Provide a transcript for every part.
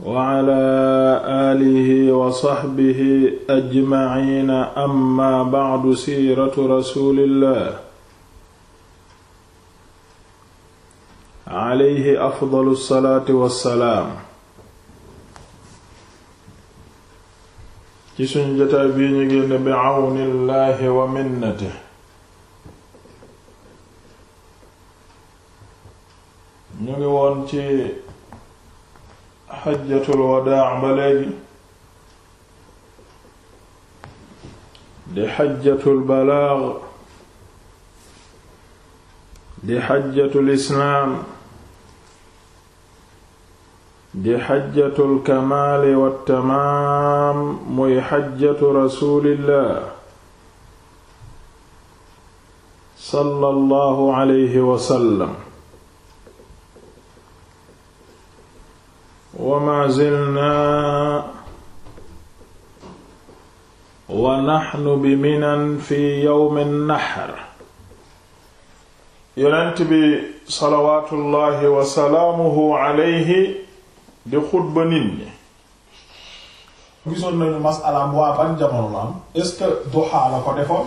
wala aalihi wa saxbihi ajmaciina amma bacdu siiratu rasulillah alayhi afdalu salaati wassalaam ci suñ jotaay bi ñu génn bi cawnillahi ngi woon ci xajjatul wadaa ba léegi di xajjatul balaag di xajjatul islaam di xajjatul kamaali wattamaam muy xajjatu rasuulillah sallallahu alayhi wa sallam wa ma zilna wa naxnu bi minan fi yowmi naxr yonent bi salawaatullahi wa salaamuhu alayhi di xutba nit ñi gisoon nañu masalaam waa ban jamono la am est-ce que duhaa la ko defoon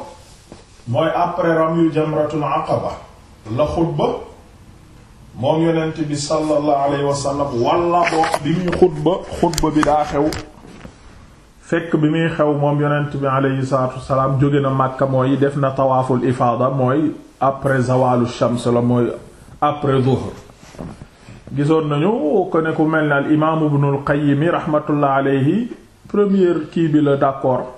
mooy après ram yu jamratul aqaba la xutba moom yonent bi sallallahu boo bi muy xutba xutba bi daa xew fekk bi muy xew moom yonent bi alayhi salaatu wasalaam na Màkka mooy def na tawaaful ifaada mooy après zawalu shams la mooy après dhuhr gisoon nañu ko ne ku mel ne al imaam Ibnul Qayyim rahmatullah alayhi première kii bi la d'accord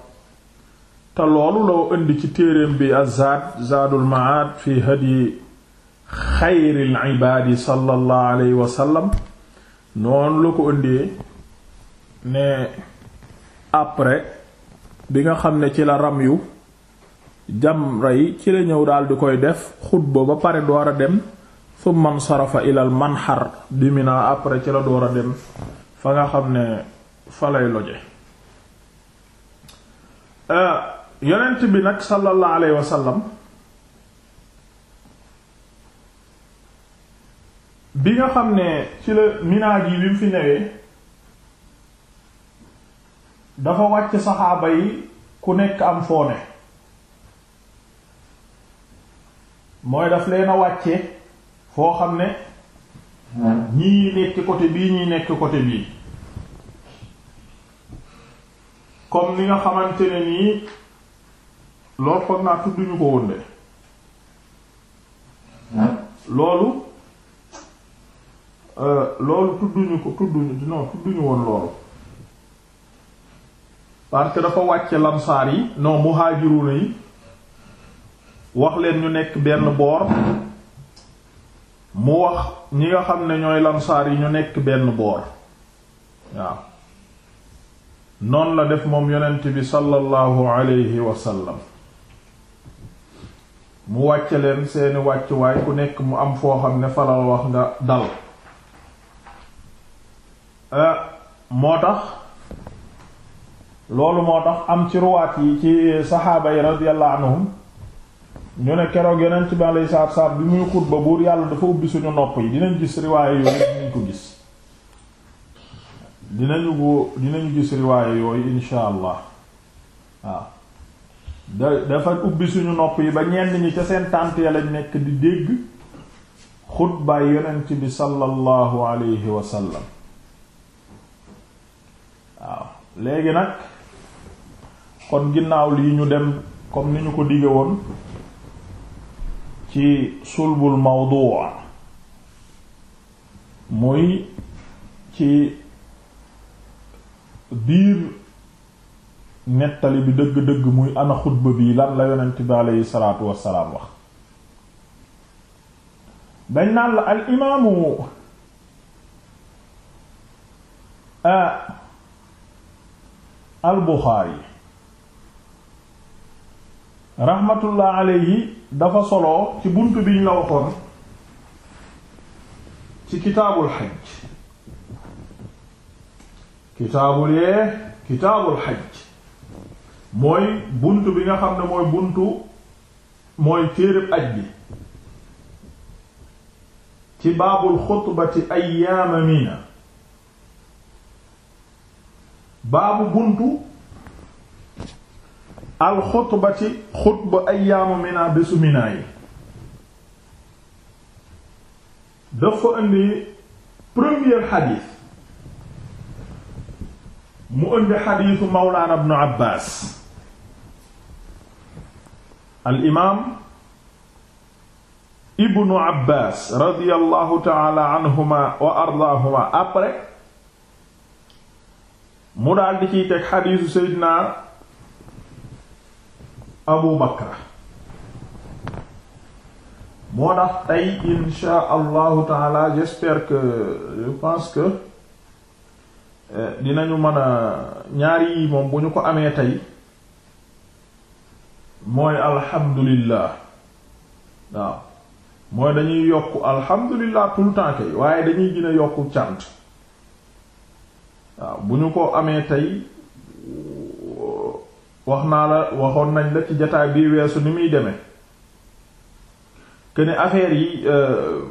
te loolu loo indi ci téereem bi azad zadul maad fi hadi xayril ibaadi sallallahu alayhi wa sallam noonu la ko ëndee ne après bi nga xam ne ci la ram yu jamra yi ci la ñëw daal di koy def xutba ba pare door a dem thumma nsarafa ilal manxar bi Mina après ci la door a dem fa nga xam ne fa lay loje euh, yonent bi nag sallallahu alayhi wa sallam bi nga xam ne ci la minaaj yi bi mu fi newee dafa wàcc saxaaba yi ku nekk am foone mooy daf leen a wàcce foo xam ne ñii nekk côté bii ñii nekk côté bii comme ni nga xamante ne nii loolu foog naa tudduñu ko woon loolu Euh, loolu tudduñu ko tudduñu non tudduñu woon loolu parce dafa wàcce lamsaar yi non muhaajiruna yi wax leen ñu nekk benn boor mu wax ñi nga xam ne ñooy lamsaar yi ñu nekk benn boor waaw noon la def moom yonent bi sallallahu alayhi wa sallam mu wàcce leen seeni wàcc waay ku nekk mu am foo xam ne falal wax nga dal Euh, moo tax loolu moo tax am ci ruwaat yi ci saxaaba yi radiyallahu anhum ñu ne keroog yeneen ci ban lay saab saab bi muy xutba buur yàlla dafa ubbi suñu nopp yi dinañ gis riwaaye yooyu dinañ ko dinañu ko dinañu gis riwaaye yooyu insha allah waaw da dafa ubbi suñu nopp yi ba ñenn ñi ca seen tànt ya lañ nekk di dégg xutbaay yonent bi sallallahu alayhi wa waaw léegi nag kon ginnaaw lii ñu dem comme ni ñu ko dige woon ci sulbul mawdu' muy ci biir nettali bi dëgg-dëgg muy ana xutba bi lan la yonent bi aleyhi salaatu wassalaam wax dañ naan al imaamu ah al Buxaari rahmatullah alayhi dafa solo ci bunt biñ la waxoon ci kitaabul xaj kitaabul yee mooy bunt bi nga xam ne mooy buntu mooy téereb aj bi ci baabul xutbati ayyaama mina baabu buntu alxutbati xutba ayaamu minaa bésu minaa yi premier xadiis mu indi xadiisu mawlaana bnu abbaas al imaam ibnu abbaas radiyallahu taala anhuma wa ardaahuma après mu daal di ci teg xadiisu naa abu bakra moo tax tey insha allahu taala j'espère que je pense que euh, dinañu ñaari yi moom bu ñu ko amee tey mooy alhamdulillah waaw mooy dañuy yokk alhamdulillah tout le temps waaye dañuy gën yokk cant waaw bu ñu ko amee tey wax naa la waxoon nañ la ci jataay bii weesu ni muy demee que ne affaire yi euh,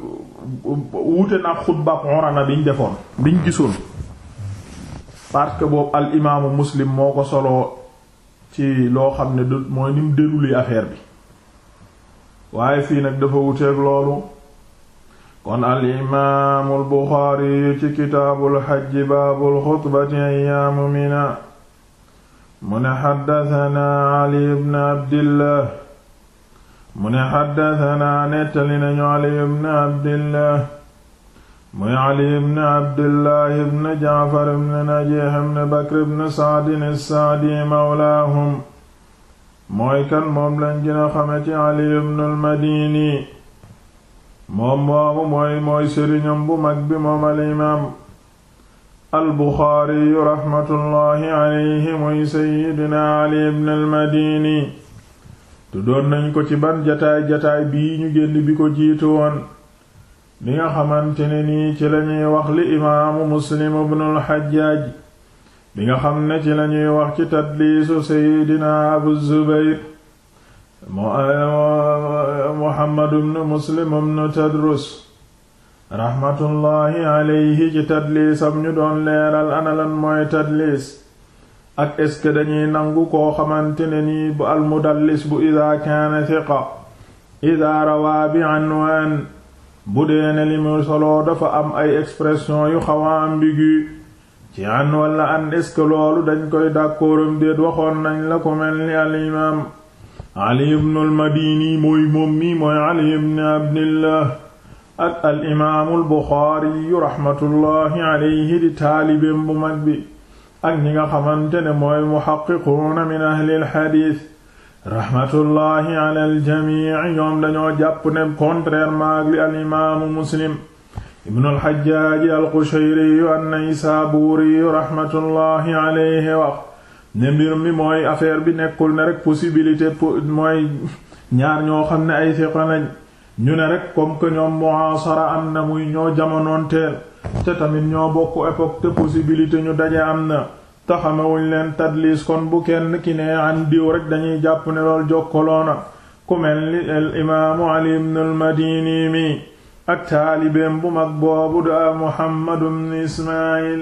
wuute na xutba Urana biñ defoon biñ gisoon parce que boobu al imaamu Muslim moo ko soloo ci loo xam ne du mooy ni mu déroulé affaire bi waaye fii nag dafa wuteeg loolu kon al imaamu albuxaari ci kitaabul xajji baabul xutbati ayyaamu mina mu ne xaddatanaa ali ibn abdillah mu ne xaddatanaa nettali nañu ali ibn abdillah muy ali ibn abdillah ibn jaafar ibn najiix ibn bakr ibn saadin as-saadi mawlaahum mooy kan moom lañ gën a xame ci ali ibn al-madini moom moomu mooy mooy bu mag bi moom al imaam albuxaariyu raxmatullaahi aleyhi muy seydina ali ibn almadini tuddoon nañ ko ci ban jataay jataay bii ñu bi ko jiitu woon bi nga xamante nii ci lañuy wax li imaamu muslim ibnul xajjaaj bi nga xam ne ci lañuy wax ci tadliisu seydina abu zubayr Muhammad ibn Muslim ibn Tadrus raxmatullaahi ci tadliisam ñu doon leeral ana lan mooy tadliis ak est dañuy nangu ko xamante ne nii bu almudallis bu idaa kaana thiqa idaa rawaa bi anwaan bu deene li mu soloo dafa am ay expression yu xawa ambigu ci an walla an est loolu dañ koy d'accordam déet waxoon nañ la ko mel ni al imaam ali ibnu almadini mooy moom mi mooy ali ibn abdillah ak al imaamu albuxaariyu raxmatullahi alayhi di taalibeen bu mag bi ak ñi nga xamante ne mooy muxaqiquuna min ahli alxadiis raxmatullahi ala aljamici ñoom dañoo jàpp ne contrairement ak li al imaamu muslim ibnu alxajjaaji alqushayriyu annaysaaburiyu raxmatullahi alayhi wax ne mbir mi mooy affaire bi nekkul na rek possibilité mooy ñaar ñoo xam ne ay siqa lañ ñu ne rek comme que ñoom muhaasara am na muy ñoo jamonoonteel te tamit ñoo bokk époque te possibilité ñu daje am na taxamawuñ leen tadlis kon bu kenn ki nee an diw rek dañuy jàpp nelool lool jokkaloona ku mel ni al imaamu ali ibn madini mi ak taalibeem bu mag boobu daa muhammadu ibn ismail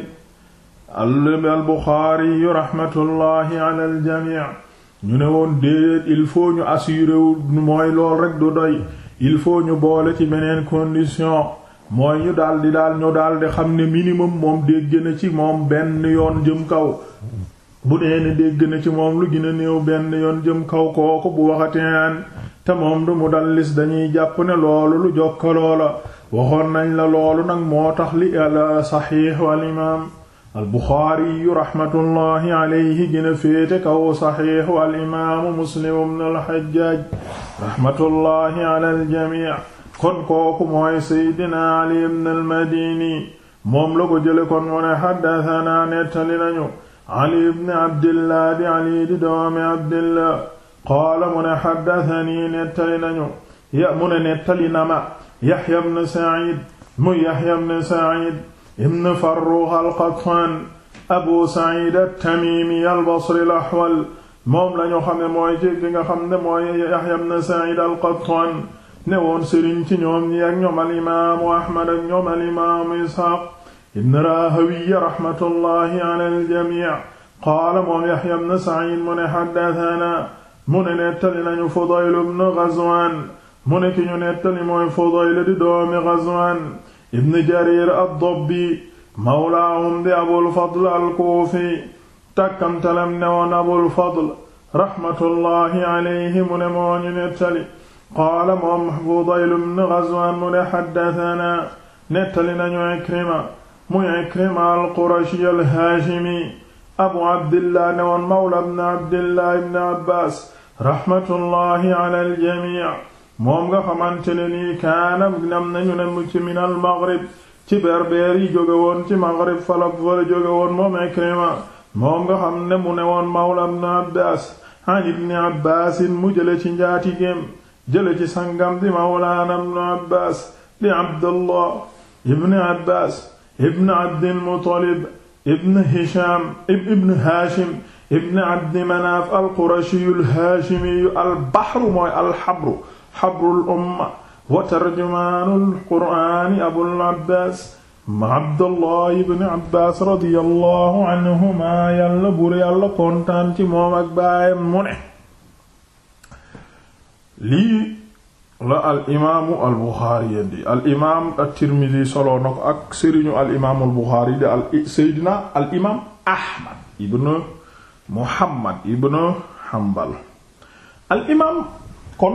al-Buxaari raxmatullaahi ala al-jamii ñu ne woon déedéet il faut ñu assuré wu mooy lool rekk du doy il faut ñu boole ci beneen condition mooy ñu daldi daal ñu daldi xam ne minimum moom dégg na ci moom benn yoon jëm kaw bu dee ne dégg na ci moom lu gën néew benn yoon jëm kaw kooku bu waxateen te moom du mudallis dañuy jàpp ne loolu lu jokkaloo la waxoon nañ la loolu nag moo tax li ala saxiix wal imaam albuxaari raxmatullahi alayhi gëna féete kaw saxiixu alimaamu muslim ibn alxajjaaj raxmatullahi ala aljamic kon kooku mooy seydina ali ibn almadini moom la ko jële kon mu ne xaddatanaa nettali nañu ali ibn abdillah di ali di doomi abdillah qaala mu ne xaddatanii nettali nañu ya mu ne nettali nama yaxya ibn saciid mu yaxya ibn saciid ibn farrux alqatfaan abu said altamimi albasri alahwal moom lañu xam ne mooy ci gi nga xam ne mooy yaxya ibn said alqatfaan ne woon sëriñ ñoom ñi ak ñoom alimaamu ahmad ak ñoom alimaamu isxaaq ibn rahawiya raxmatullahi ala aljamic qaala moom yaxya ibn said mu ne xaddatanaa mu ne nettali nañu fudayl ibn gazwaan mu ne ki nettali mooy fudayl di doomi gazwaan ibn jarir ad-dabbi mawlaahum di abulfadl al-kuufi tàkkamtalam ne woon abulfadl raxmatullahi alayhi mu ne moo ñu nettali qaala moom fudayl ibn ghazwaan mu ne xaddatanaa nettali nañu ikrima muy ikrima al-qurashi al-haashimi abu abdillah ne woon mawla ibn abdillah ibn abbaas raxmatullahi ala al-jamii moom nga xamante ne nii kaana nam nañu ne mu ci minal maghrib ci berbeer yi jóge woon ci maghrib falak fala jóge woon moom Ikrima moom nga xam ne mu ne woon mawla ibn Abbaas an ibn Abbaas mu jële ci njaatigéem jële ci sangam di mawlaana ibn Abbaas di Abdullah ibn Abbaas ibn Abdil Haashim ibn Abdi Manaaf al-Qurashiyu al-Haashimiyu al-Bahru mooy al-Habru xabrul umma wa tarjumaanul qur'aani abul abbaas abdullah ibn abbaas radiyallahu anhuma yàlla buur yàlla kontaan ci moom ak baayam mu ne lii la al imaamu al buxaari yandi al imaam at-tirmidi soloo na ko ak sëriñu al imaamu al buxaari di al seydina al imaam ahmad ibn muhammad ibn hanbal al imaam kon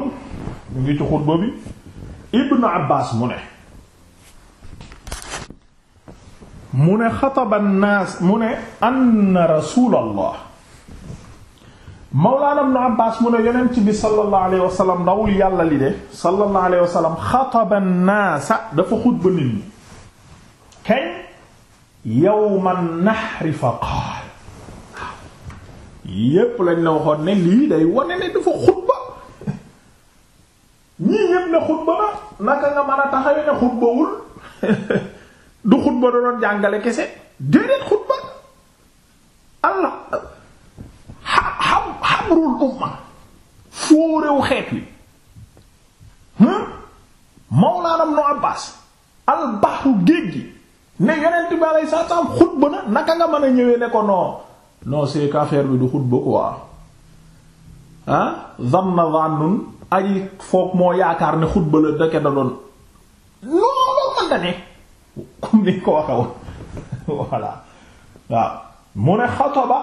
ñu ngi ci xutba bi ibnu abbas mu ne mu ne xataba nnaas mu ne anna rasulallah mawlaana ibnu abbas mu ne yonent bi sallallahu alayhi wa yàlla li de sallallahu alayhi wa dafa xutba nit ñi kañ yawma nahri fa qaal yépp lañ la waxoon ne lii day wone ne dafa xutba ñii ñépp ne xutba la naka nga mën a taxawee ne xutbawul du xutba doon jàngale kese déedéet xutba allah xam xamrul umma fóorewu xeet wi hmm? mawlaanam no abbas al bahru géej gi ne yonent bi alayhi salaam xutba na naka nga mën a ñëwee ne ko non non c'est qu'affaire bi du xutba quoi ah zanna zannun aji foog moo yaakaar ne xutba la dake da doon loolu man da ne comme ni ko waxe woon xataba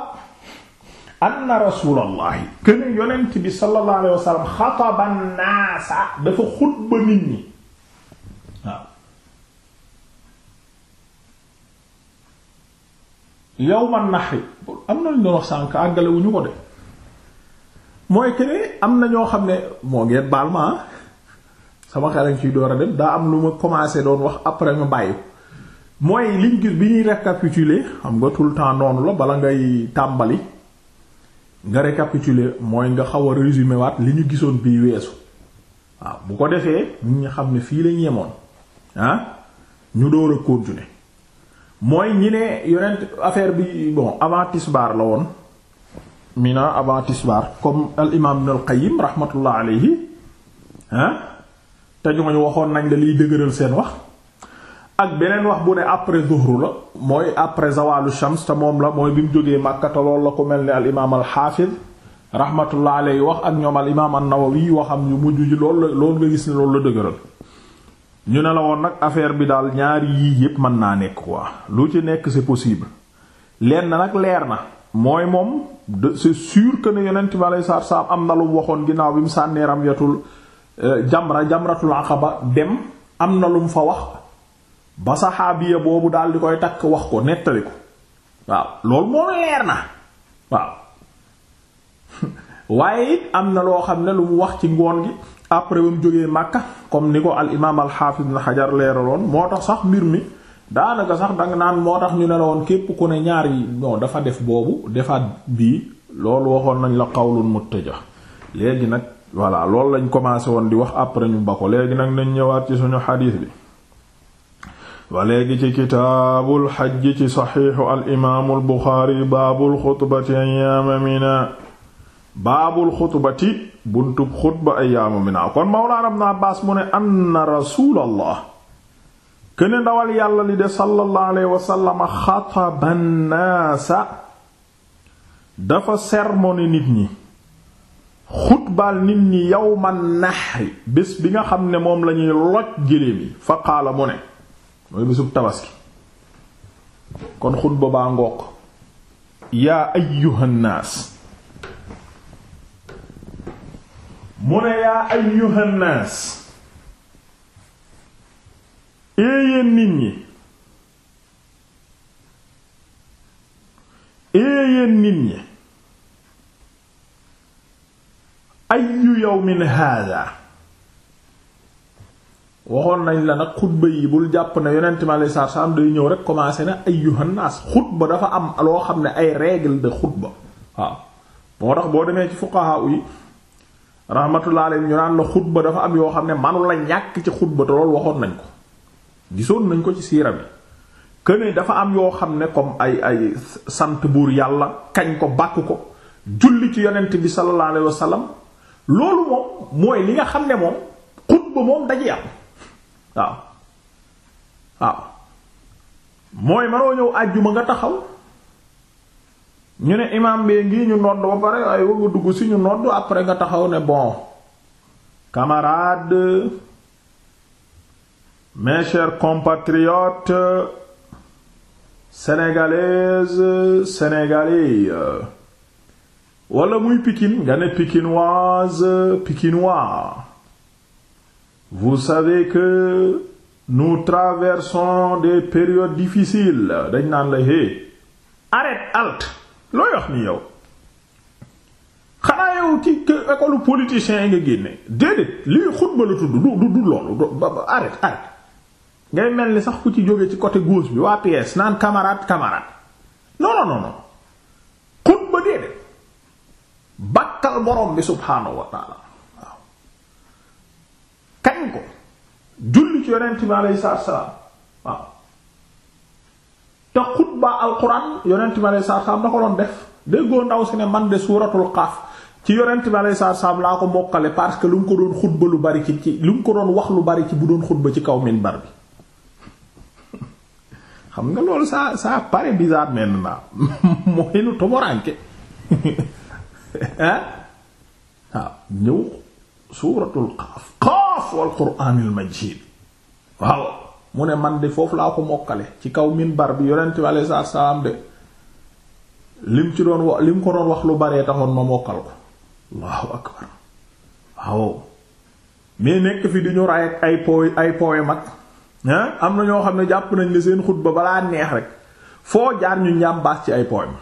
anna rasulallahi kuene yonent bi sallallahu alayhi xataba naasa dafa xutba nit ñi waaw yawma nahri am na lu ñu wu ñu ko mooy keneen am na ñoo xam ne moo ngeen baal ma ah, sama xelam ciy door a dem daa am lu ma commencé doon wax après ma bàyyi mooy liñ gis bi ñuy récapituler xam nga tout le temps noonu la bala ngay tàmbali nga récapituler mooy nga xaw a résumer waat li ñu gisoon bii weesu waaw bu ko defee ñu ñi xam ne fii lañ yemoon ah ñu door a continuer mooy ñi ne yonent affaire bi bon avant tisbaar la woon. mina avant tisbaar comme al imaam ibn al qayyim rahmatullah alayhi hein te ñooñu waxoon nañ la liy dëgëral seen wax ak beneen wax bu ne après zuhru la mooy après zawalu shams te moom la mooy bi jógee Makka te la ko mel ni al imaam al xaafid rahmatullah alayhi wax ak ñoom al imaam an-Nawawi waxam yu mujj ji loolu la loolu nga gis ne loolu la dëgëral ñu ne la woon nag affaire bi daal ñaari yii yépp mën naa nekk quoi lu ci nekk c'est possible na nag leer na. mooy moom de c'est sûr que ne yonent bi aleyhi salaatu salaam am na lu mu waxoon ginnaaw bi mu sànnee ramyatul euh, jamra jamratul aqaba dem am na lu mu fa wax ba saxaabiya boobu daal di koy takk wax ko nettali ko waaw loolu moom leer na waaw waaye it am na loo xam ne lu mu wax ci ngoon gi après ba mu jógee Makka comme ni ko al imaam al xaafis na xajar leeraloon moo tax sax mbir mi. daanaka sax danga naan moo tax ñu ne la woon képp ku ne ñaari yi dafa def boobu defaat bii loolu waxoon nañ la qawlun muttaja léegi nag voilà loolu lañ commencé woon di wax après ñu ba ko léegi nag nañ ñëwaat ci suñu xadiis bi wa léegi ci kitaabul xajji ci saxiixu al imaamu buxaari baabul xutbati ayaama mina baabul xutbati buntub xutba ayaama mina kon mawlaana ibn abbaas mu ne anna rasuulallah këne ndawal yàlla li de sallallahu alayhi wasallam xataban naasa dafa sermoni nit ñi xutbaal nit ñi yawma naxri bés bi nga xam ne moom lañuy loj géléem yi fa qaala mu ne mooy bésub tabaski kon xutba baa ngook yaa ayyuhan naas mu ne yaa ayyuhan naas éeyéen eh, nit ñi éeyéen eh, nit ñi ayyu yawmin haadaa waxoon nañ la nag xutba yi bul jàpp ne yonent mi alayhi salaatu day ñëw rek commencé na ay ayyuhan naas xutba dafa am loo xam ne ay regle de xutba waaw moo tax boo demee ci fuqaha yi rahmatullahi alayhim ñu naan la xutba dafa am yoo xam ne manu la ñàkk ci xutba te loolu waxoon nañ ko gisoon nañ ko ci siira bi këne dafa am yoo xam ne comme ay ay sant buur yàlla kañ ko bàkk ko julli ci yonent bi sallallahu alayhi wasallam loolu moom mooy li nga xam ne moom xutba moom daje am waaw waaw mooy ma manoo ñëw àjjuma nga taxaw ñu ne imam bee ngi ñu nodd ba pare ay wëgga dugg si ñu nodd après nga taxaw ne bon camarade Mes chers compatriotes sénégalaises sénégalais wala muy Pikine nga ne pikinoise pikinois vous savez que nous traversons des périodes difficiles dañ naan la hé arrête halte looy wax ni yow xanaa yow ci école politicien yi nga génne déedéet lii xutba la tudd du du du loolu arrête arrête ngay mel ni sax ku ci jóge ci côté gauche bi waa PS naan camarade camarade non non non non xutba bakkal borom bi subhaanahu waaw kañ ko julli ci yonent bi alayhi salaatu salaam waaw te xutba alquran yonent bi alayhi salaatu salaam da ko doon def déggoo ndaw si ne man de suuratul qaaf ci yonent bi alayhi salaatu salaam laa ko mokkale parce que lu mu ko doon xutba lu bari ci ci lu mu ko doon wax lu bari ci bu doon xutba ci kaw minbar bi xam nga loolu ça ça paraît bizarre maintenant mooy lu tomoranke ah waaw ñëw suuratul qaaf qaaf wal qur'aanil majiid waaw mu ne man de foofu laa ko mokkale ci kaw minbar bi yonent bi alayhi salaatu salaam de lim ci doon wax lim ko doon wax lu baree taxoon ma mokkal ko allahu akbar waaw mais nekk fi di ñu ay po ay poème ak am na ñoo xam ne jàpp nañ ne seen ba balaa neex rek foo jaar ñu ñambaas ci ay poème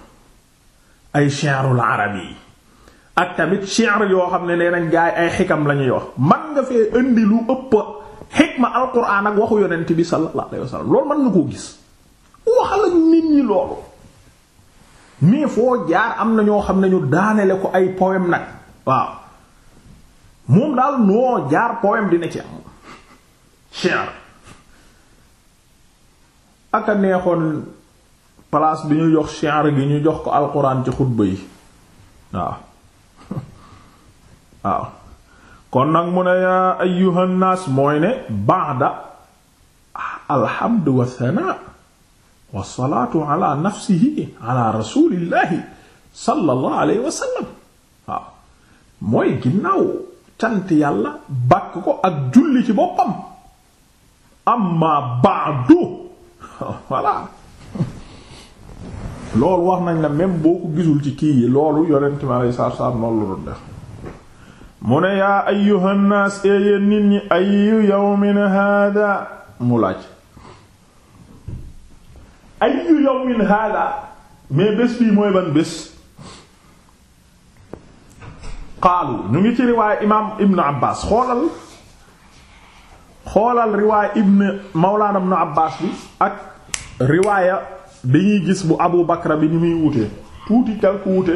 ay shi'rul arabi yi ak tamit shi'r yoo xam ne nee nañ gaay ay xikam la ñuy wax man nga fee indi lu ëpp xikma alquran ak waxu yonent bi sallallahu loolu mën nga koo gis waxal ak mais foo jaar am na ñoo xam ne ñu daanele ko ay poème nag waaw moom daal noo jaar poème dina ci am shi'r ak neexoon place bi ñu jox shi'ar gi ñu jox ko alquran ci xutba yi waaw waaw kon nag mu ne yaa ayyuhan naas mooy ne ba'da alhamdu wa thanaa wa salaatu ala nafsihi ala rasulillahi sallallahu alayhi wa waaw mooy ginnaaw cant yàlla bàkk ko ak julli ci boppam amma ba'du voilà loolu wax nañ la même boo ko gisul ci kii yi loolu yonent ma lay saar saar noonu la doon mu ne yaa ayyuhan ee yéen nit ñi ayyu yawmin hada mu laaj ayyu yawmin hada mais bés bii mooy ban bés qaalu ñu ngi ci riwaaya imaam ibnu abbaas xoolal xoolal riwaaya ibn mawlaana ibn Abbaas bi ak riwaaya ñuy gis bu Abu Bakra bi ni muy wutee tuuti quelque wute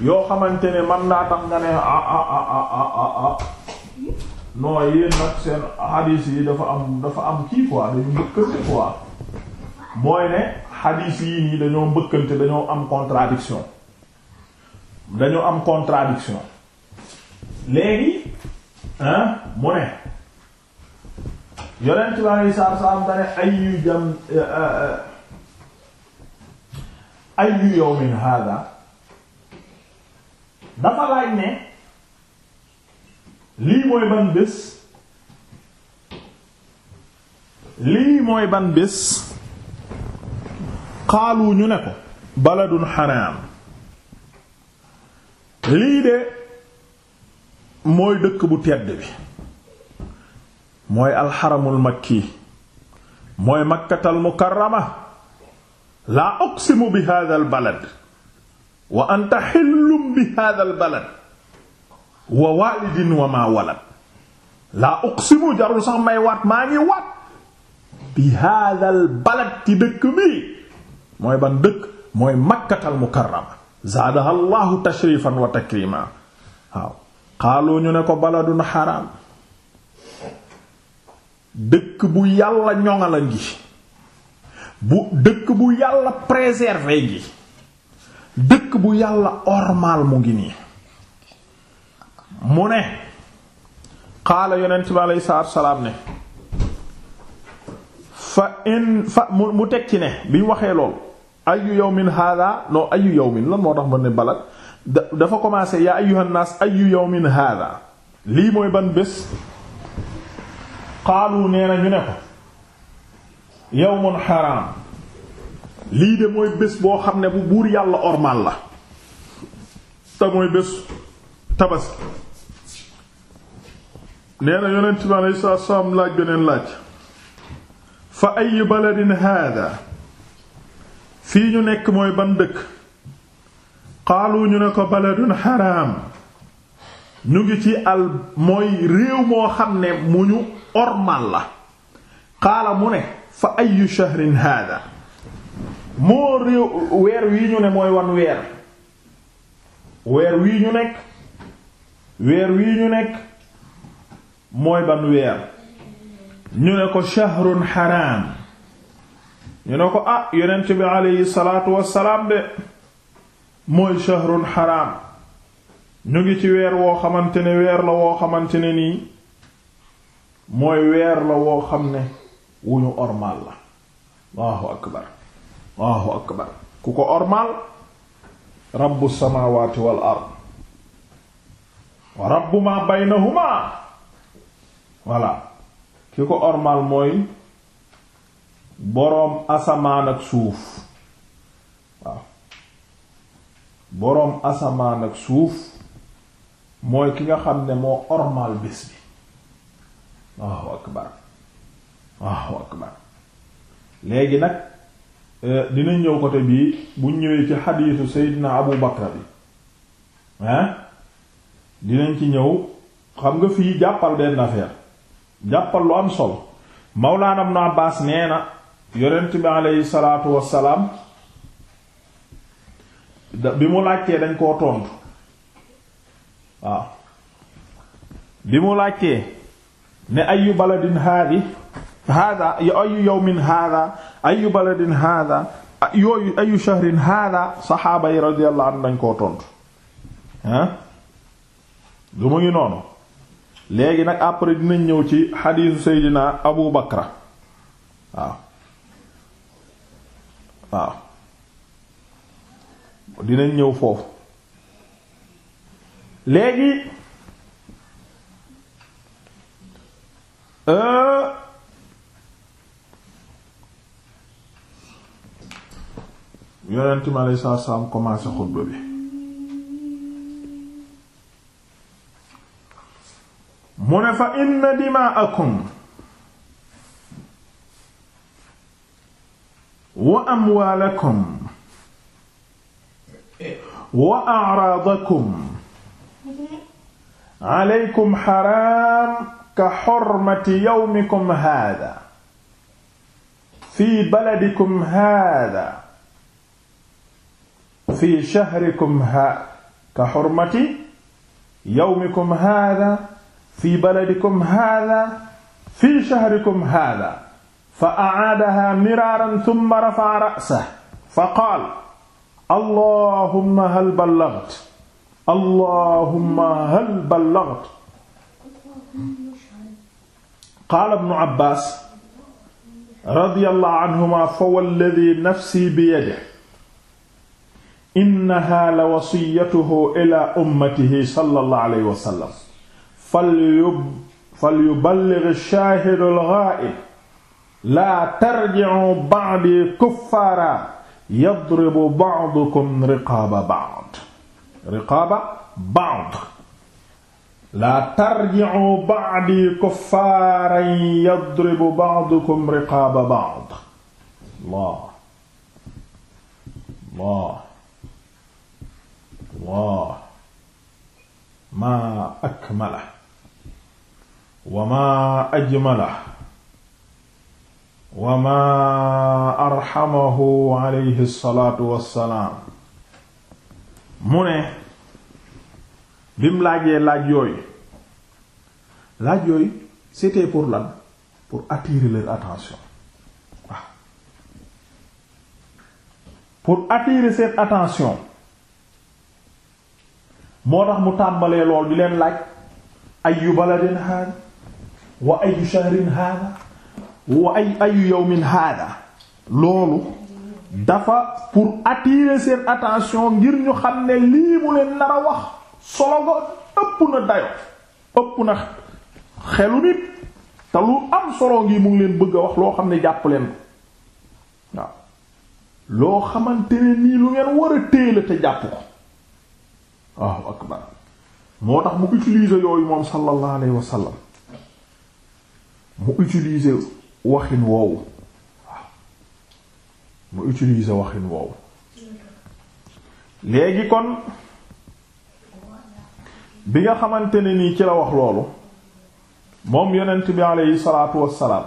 yoo xamante ne man naa tax nga ne ah ah ah ah ah, ah, ah, ah. non seen hadith yi dafa am dafa am kii quoi dañu mbëkkante quoi mooy ne hadith yi nii dañoo mbëkkante dañoo am contradiction dañoo am contradiction léegi hein mu ne yonent bi alei saatu salaam dane ayyu jam eh, eh, eh, ayyu yawmin hada dafa laaj ne lii mooy ban bés lii mooy ban bés xaalu ñu ne ko baladun xaraam lii de mooy dëkk bu tedd bi mooy alxaramul makki mooy makkatal mukarrama laa uqsimu bi haadhal balad wa anta xillum bi haadhal balad wa waalidin wa maa walad laa uqsimu jarul sax may waat maa ngi waat bi haadhal balad ci dëkk bi mooy ban dëkk mooy makkatal mukarrama zaadaha allahu tashrifan wa takrima waaw xaaloo ñu ne ko baladun xaraam dëkk bu yàlla ñoŋala ngi bu dëkk bu yàlla préserver ngi dëkk bu yàlla ormal mu ngi nii mu ne xaala yonent bi aleyhi salaatu salaam ne fa in fa mu mu teg ci ne bi waxee lool ayu yawmin hada non ayu yawmin la moo tax ma ne balad dafa commencé yaa ayyuhan naas ayu yawmin hada lii mooy ban bés xaalu nee na ñu ne ko yawmun haram lii de mooy bés boo xam ne bu buur yàlla ormal la te mooy bés tabaski nee na yonent bi alayhi salaatu laaj beneen laaj fa ay baladin hada fii ñu nekk mooy ban dëkk xaalu ñu ne ko baladun haram ñu ngi ci al mooy réew moo xam ne mu ñu ormal la xaala mu ne fa ayu shahrin hada moo réew weer wii ñu ne mooy wan weer weer wii ñu nekk weer wii ñu nekk mooy ban weer ñu ne ko shahrun haram ñu ne ko ah yonent bi aleyhi salaatu wassalaam de mooy shahrun haram ñu ngi ci weer woo xamante ne weer la woo xamante ne nii mooy weer la woo xam ne wu ñu ormaal la allahu akbar allahu akbar ku ko ormaal rabbu samawati wal ard wa rabbu ma baynahuma voilà ki ko ormaal mooy boroom asamaan ak suuf waaw boroom asamaan ak suuf mooy ki nga xam ne moo ormaal bés bi Allahu akbar Allahu akbar léegi nag e, dinañ ñëw côté bii buñ ñëwee ci xadiisu Seydina Abu Bakra bi hein dinañ ci ñëw xam nga fii jàppal benn affaire jàppal lu am solo Mawlaana Ibn Abbaas nee na yonent bi aleyhi salaatu wassalaam bi mu laajtee dañ koo tontu waaw bi mu laajtee ne ayu baladin haadi haada ayu yawmin haada ayu baladin haada ayu shahrin haada saxaaba yi radiyallahu anhu dañ koo tontu ah du mu ngi noonu léegi nag après dinañ ñëw ci xadiisu seydina abu bakra waaw waaw dinañ ñëw foofu léegi Euh, yonent mi aleyhi salaatu salaam commencé xutba bi mu ne fa inna dimaakum wa amwaalakum wa a'raadakum aleykum xaraam ka xormati yawmikum haadaa fii baladikum haadaa fii shahrikum haadaa ka xormati yawmikum haadaa fii baladikum haadaa fii shahrikum haadaa fa acaadahaa miraaran summa rafaca ra'sahu fa qaala allahumma hal ballagtu allahumma hal ballagtu qaala ibnu abbaas radiyallahu anhuma fa walladhi nafsi biyadihi innaha la wasiyatuhu ila ummatihi sallallahu alayhi wa sallam falyuballigh ash-shaahid al-ghaa'ib laa tarji'u ba'dii kuffaaran yadribu ba'dukum riqaaba ba'd riqaaba ba'd laa tarji'u ba'di kuffaaran yadribu ba'dukum riqaaba ba'd Allah Allah Allah maa akmala wa maa ajmala wa maa arhamahu alayhi salaatu wassalaam mu ne bi mu laajee laaj yooyu laaj yooyu c'était pour lan pour attirer leur attention waaw pour attirer seen attention moo tax mu tàmbalee lool di leen laaj ayu baladin haada wa ayu shahrin haada wa ay ayu yawmin haada loolu dafa pour attirer seen attention ngir ñu xam ne lii mu leen nar a wax solo nga ëpp na dayo ëpp na xelu nit te lu am solo ngi mu leen bëgg a wax loo xam ne jàpp leen ko waaw loo xamante ne nii lu ngeen war a la te jàpp ko waaw akbar moo tax mu utiliser yooyu moom sallallahu alayhi wa sallam mu utiliser waxin woowu waaw mu utiliser waxin woowu léegi kon bi nga xamante ne nii ci la wax loolu moom yonent bi aleyhi salaatu wassalaam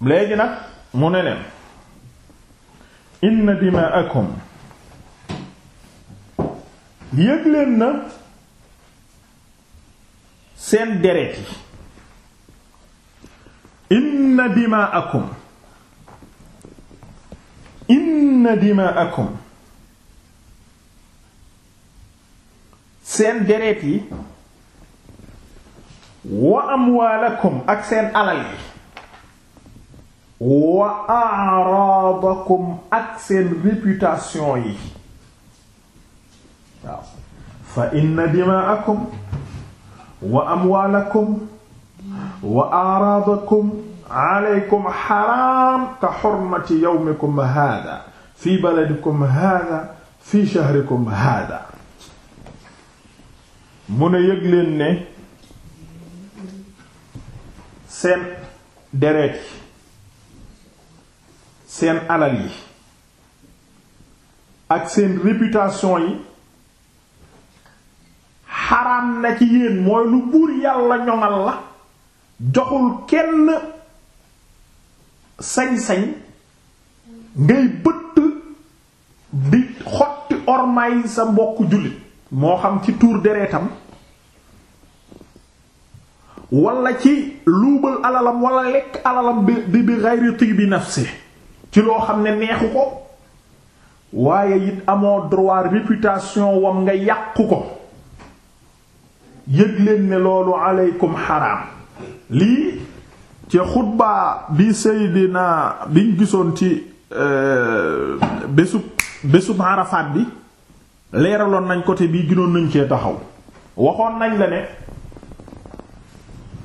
léegi nag mu ne leen inna dimaakum yëg leen na seen deret yi inna dimaakum inna dimaakum seen deret yi wa amwaalakum ak seen alal yi wa a'raadakum ak seen réputation yi waaw fa inna dima'akum wa amwaalakum wa a'raadakum aleykum xaraam ka xurmati yawmikum haada fi baladikum haada fi shahrikum haada mu ne yëg leen ne seen deret yi seen alal yi ak seen réputation yi xaraam na ci yéen mooy lu buur yàlla ñoŋal la joxul kenn sañ-sañ ngay bëtt di xotti ormay sa mbokk jullit moo xam ci tuur deretam wala ci luubal alalam wala lekk alalam bi bi ghayri tibi nafsi ci loo xam ne neexu ko waaye it amoo droit réputation wam nga yàqu ko yëg leen ne loolu aleykum xaraam lii ci xutbaa bi Seydina biñ gisoon ci euh, bésub bésub Arafat bi leeraloon nañ côté bii ginoon nañ cee taxaw waxoon nañ la ne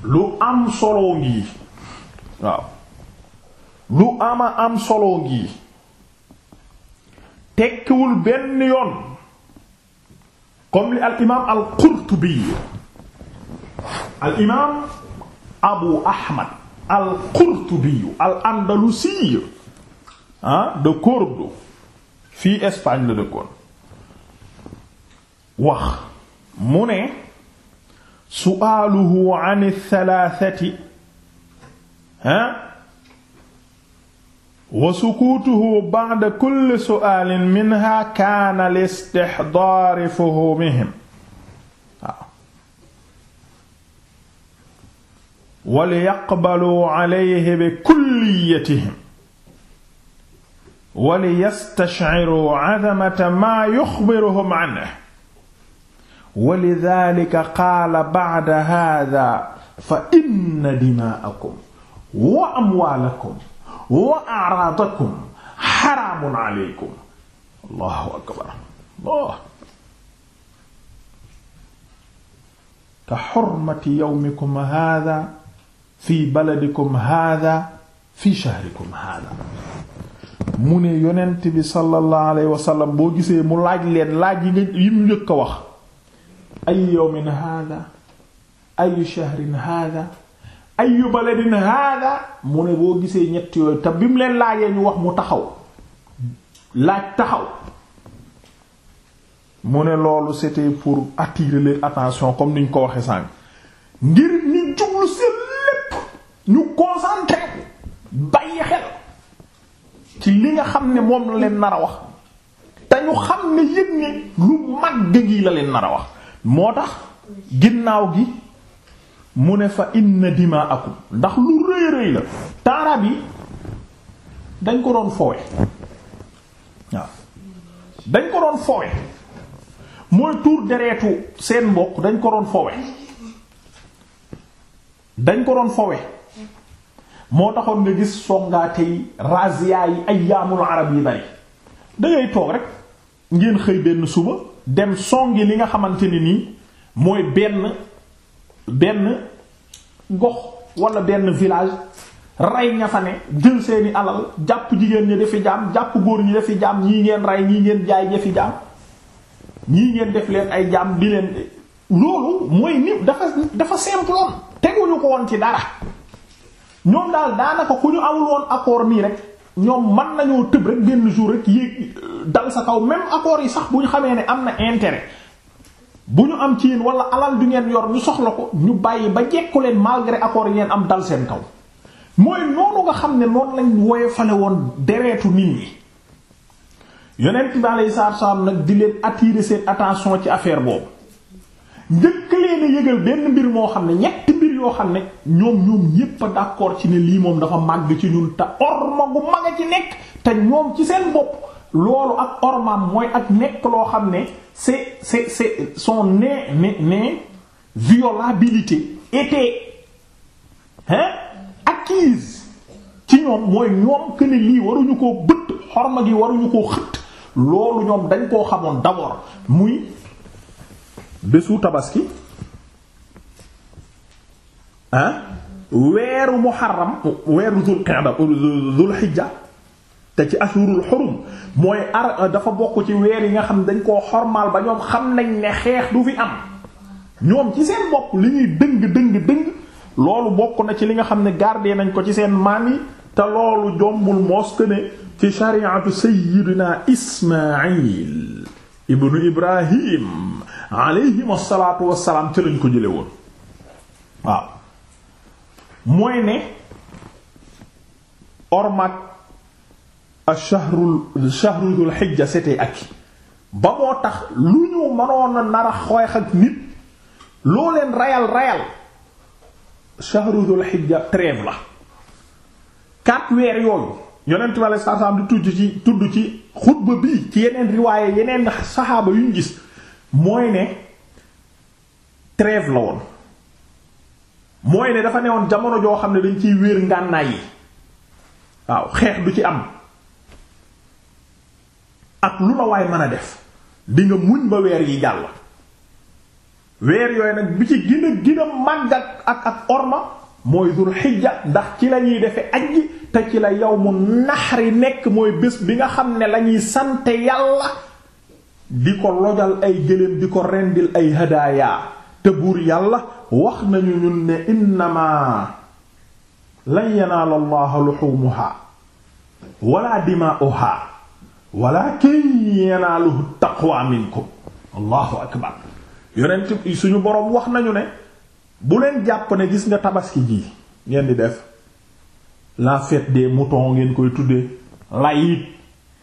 lu am solo ngi waaw lu ama am solo ngi tekkiwul benn yoon comme li al imaam al qurtubi al imaam abu ahmad al ah, fii Espagne la dëkkoon wax mu ne suaaluhu an althalathati ha wa sukuutuhu ba'da kulli su'aalin minha kaana li istihdaari fuhumihim wa li yaqbaluu alayhi bi kulliyatihim wa li yastash'iruu 'azamata maa yuxbiruhum 'anhu wa lidaalika qaala ba'da haadaa fa inna dimaa'akum wa amwaalakum wa a'raadakum xaraamun aleykum allahu akbar allah ka xurmati yawmikum haadaa fi baladikum haadaa fi shahrikum haadaa mu ne yonent bi sallallahu alayhi wa sallam boo gisee mu laaj leen laaj yi nga yi mu njëkk a wax ay yawmin hàdha ay shahrin hàdha ay baladin hàdha mu ne boo gisee ñett yooyu te bi mu leen laajee ñu wax mu taxaw laaj taxaw mu ne loolu c'était pour attirer leur attention comme niñ ko waxee sànk ngir ñu jublu seen lépp ñu concentré bàyyi xel ci li nga xam ne moom la leen nar a wax te ñu xam ne yëg ne lu mag dëgg yi la leen nar a wax moo tax ginnaaw gi mu ne fa inna dimaakum ndax lu rëy rëy la taarab yi dañ ko doon foowe waaw dañ ko doon foowe mooy tuur dereetu seen mbokk dañ ko doon foowe dañ ko doon foowe moo taxoon nga gis songaate yi yi ay yaamul arab yi bari dangay toog rek ngeen xëy benn suba dem songi li nga xamante ne nii mooy benn benn gox wala benn village rey ña fa ne jël seeni alal jàpp jigéen ñi dafi jaam jàpp góor ñi dafi jaam ñii ngeen rey ñii ngeen jaay dafi jaam ñii ngeen def leen ay jaam di leen loolu mooy ni dafa dafa simple teguñu ko woon ci dara ñoom daal ko ku ñu amul woon accord nii rek ñoom man nañoo tëb rek génn jour rek yéeg euh, dal sa kaw même accords yi sax bu ñu xamee ne am na intérêt bu ñu am ci yéen wala alal du ngeen yor ñu soxla ko ñu bàyyi ba jekku leen malgré accords yi ngeen am dal seen kaw mooy noonu nga xam ne noonu lañ woyofale woon dereetu nit ñi yonent bi alayhi salaatu wa salaam nag di leen attirer seen attention ci affaire boobu njëkk leen yëgal benn mbir moo xam ne ñett mbir yoo xam ne ñoom ñoom ñépp a d'accord ci ne lii moom dafa màgg ci ñun te orma gu mag a ci nekk te ñoom ci seen bopp loolu ak ormaam mooy ak nekk loo xam ne c'est c'est c'est son inviolabilité était hein acquise ci ñoom mooy ñoom que lii waruñu koo bëtt xorma gi waruñu ko xëtt loolu ñoom dañ koo xamoon d'abord muy bésu tabaski ah weeru muharram weeru zul qa'da zul hijja te ci ashurul xurum mooy ar dafa bokk ci weer yi nga xam dañ koo xormaal ba ñoom xam nañ ne xeex du fi am ñoom ci seen bopp li ñuy dëng dëng dëng loolu bokk na ci li nga xam ne gardé nañ ko ci seen maam yi te loolu jombul moske ne ci shariatu sayyidina ismail ibnu ibrahim alayhim asalaatu wasalaam ca lañ ko jële woon waaw mooy ne ormat achahrul chahru dul xijja c'était acquis ba moo tax lu ñu mënoon a nar a nit loo leen rayal rayal chahru dul xijja trêve la quatre weer yooyu yonent bi aleyhi salaatu salaam di tudd ci tudd ci xutba bi ci yeneen riwaaye yeneen saxaaba yuñ gis mooy ne trêve la woon mooy ne dafa newoon jamono joo xam ne dañ ciy wéer ngànnaay yi waaw xeex du ci am ak lu la waay mën a def di nga muñ ba weer yi jàll weer yooyu nag bi ci gën a màgg ak ak orma mooy dul xijja ndax ci la ñuy defe ajji te ci la yow yawmu naxri nekk mooy bés bi nga xam ne lañuy sante yàlla di ko lojal ay gëléem di ko rendil ay hadaaya te buur yàlla wax nañu ñun ne innamaa lan yanaala allaha luxumuhaa wala dimaa'uhaa walaakin yanaaluhu taqwa minkum allahu akbar yonent suñu boroom wax nañu ne bu leen jàpp ne gis nga tabaski ji ngeen di def la fête des moutons ngeen koy tudde layit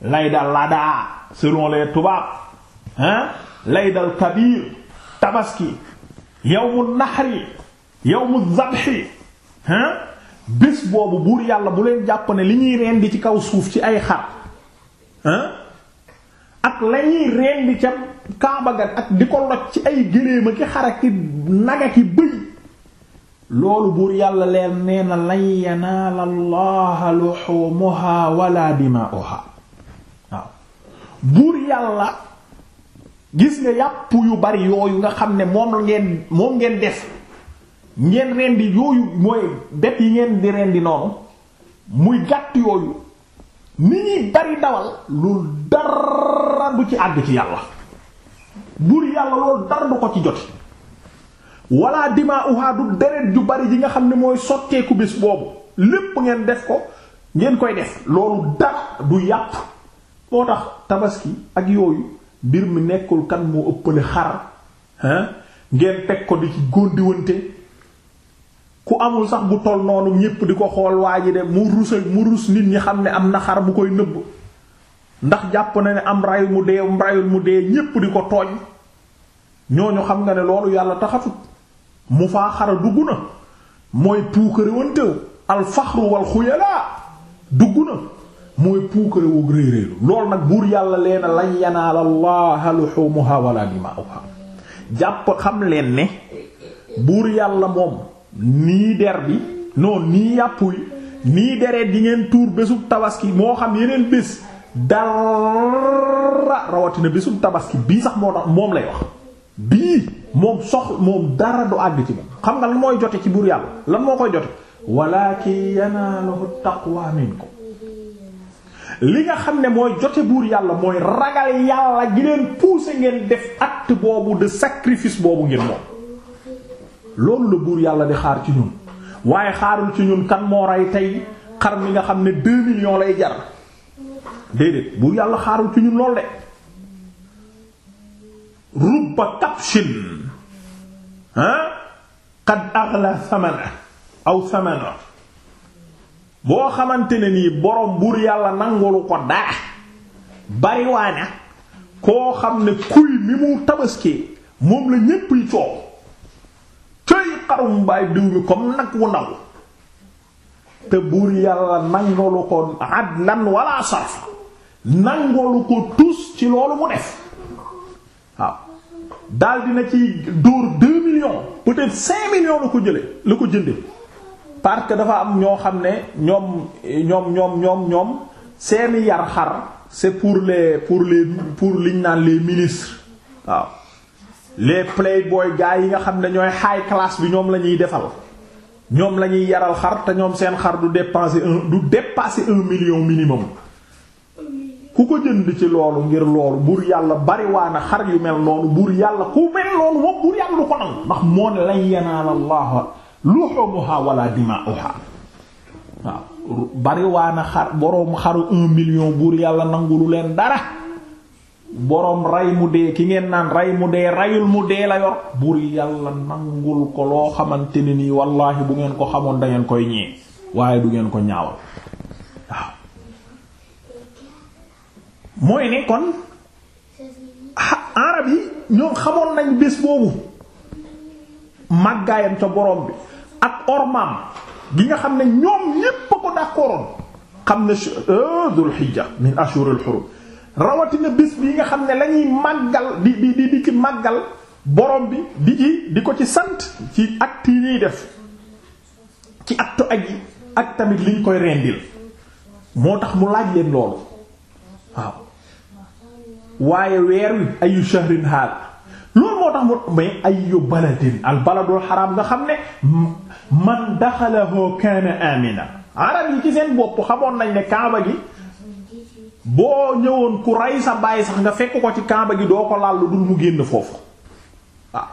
layda ladaa selon tubaab ah laydal kabir tabaski yawmu nahri yawmu zabhi ah bés boobu buur yàlla bu leen jàpp ne li ñuy rendi ci kaw suuf ci ay xar ak la ñuy rendi ca Kaaba ak di ko loj ci ay géléema ki xar ak ki naga ki bëy loolu buur yàlla leen nee na lan yanaala allaha luhumuha dimaa'uha waaw buur yàlla gis nga yàpp yu bari yooyu nga xam ne moom ngeen moom ngeen def ngeen rendi yooyu mooy bet yi ngeen di rendi noonu muy gàtt yooyu ni ñuy bari dawal loolu dara du ci àgg ci yàlla buur yàlla loolu dara du ko ci joti wala dima uhaa du deret ju bari ji nga xam ne mooy sotteeku bés boobu lépp ngeen def ko ngeen koy def loolu dara du yàpp moo tax tabaski ak yooyu mbir mi nekkul kan moo ëppale xar hein ngeen teg ko di ci góndiwante ku amul sax bu toll noonu ñépp di ko xool waa ji de mu rusa mu rus nit ñi xam ne am na xar mu koy nëbb ndax jàpp na ne am rayu mu dee rayul mu dee ñépp di ko tooñ ñooñu xam nga ne loolu yàlla taxatut mu faa xara dugg na mooy puukarewante alfaxru wal xuyalaa dugg na mooy puukare woog réeréelu loolu nag buur yàlla leena lañ yanaal allaha luhumuha wala dima'uha jàpp xam leen ne buur yàlla moom nii der bi noon nii yàpp wi nii deret di ngeen tuur bésub tabaski moo xam yeneen bés dara rawatina bésub tabaski bii sax moo tax moom lay wax bii moom sox moom dara du àgg ci moom xam nga lan mooy jote ci buur yàlla lan moo koy jote walakin yanaaluhu taqwa minkum li nga xam ne mooy jote buur yàlla mooy ragal yàlla gi leen pousser ngeen def att boobu de sacrifice boobu ngeen moom loolu la buur yàlla di xaar ci ñun waaye xaarul ci ñun kan moo rey tey xar mi nga xam ne deux million lay jar déedéet buur yàlla xaarul ci ñun lool de rubba kapshin ah qad aghla thamana aw thamana boo xamante ne nii borom buur yàlla nangalu ko dara bariwaana koo xam ne kuy mi mu tabaskee moom la ñépp yi coow coy xarum baay diw mi comme nag wu ndaw te buur yàlla nangalu ko adlan wala sarfa nangalu ko tus ci loolu mu def waaw daal dina ci dóor deux million peut-être cinq millions la ko jële la ko jënde parce que dafa am ñoo xam ne ñoom ñoom ñoom ñoom ñoom seeni yar xar c'est pour les pour les pour liñ naan les ministres waaw les playboy gars yi nga xam ne ñooy high class bi ñoom la ñuy defal ñoom lañuy yaral xar te ñoom seen xar du dépenser un du dépasser un million minimum ku ko jënd ci loolu ngir loolu buur yàlla bariwaana xar yu mel noonu buur yàlla ku mel noonu moom buur yàlla ko nangu ndax moo ne lan yanaal allah luhumuha wala dima'uha waaw bariwaana xar boroom xaru un million buur yàlla nangulu leen dara boroom rey mu dee ki ngeen naan rey mu dee reyul mu dee la yor buur yàlla nangul ko loo xamante ne nii wallaahi bu ngeen ko xamoon da ngeen koy ñee waaye du ngeen ko ñaawal waaw mooy ne kon arab yi ñoom xamoon nañ bés boobu màggaayam ca boroom bi ak ormaam gi nga xam ne ñoom ñépp a ko d'accordoon xam ne euh, dul hijja min ashurul hurum rawatina bis bi nga xam ne lañuy ñuy màggal di di di ci màggal borom bi di ci di ko ci sant ci acte yi def ci acte aj yi ak tamit liñ koy rendil moo tax mu laaj leen loolu waaw waaye weer wi ayu shahrin haada loolu moo tax mu mais ayu baladin al baladul haram nga xam ne man daxalahu kaana amina arab yi ci seen bopp xamoon nañ ne kaaba gi boo ñëwoon ku rey sa bàyyi sax nga fekk ko ci kaaba gi doo ko laal lu dul mu génn foofu waaw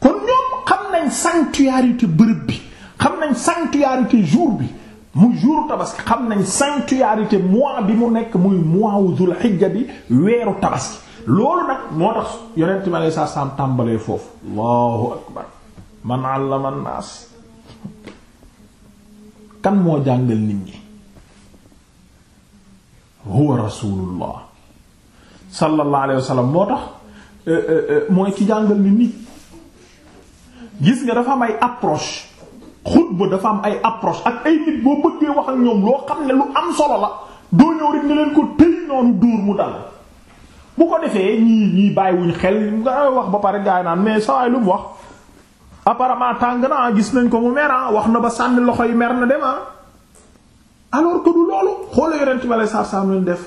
kon ñoom xam nañ sanctuarité bërëb bi xam nañ sanctuarité jour bi mu jour tabaski xam nañ sanctuarité mois bi mu nekk muy mois wu dul xijja bi weeru tabaski loolu nag moo tax yonent mi alayhi salaam tàmbalee foofu allahu akbar man allama naas kan moo jàngal nit ñi huwa rasulullah sallallahu alayhi wa moo tax euh, euh, euh, mooy ki jàngal nit ñi gis nga dafa am ay approche xutba dafa am ay approche ak ay nit boo bëggee wax ak ñoom loo xam ne lu am solo la doo ñëw rek nga leen ko tëy noonu dóor mu dal bu ko defee ñii ñii wuñ xel nga wax ba pare gaay naan mais saa lu mu wax apparemment tàng na gis nañ ko mu mer ah, wax na ba sànni loxo yi mer na dem ah alors que loolu xoola yonent bi aleyhi salaatu salaam lañ def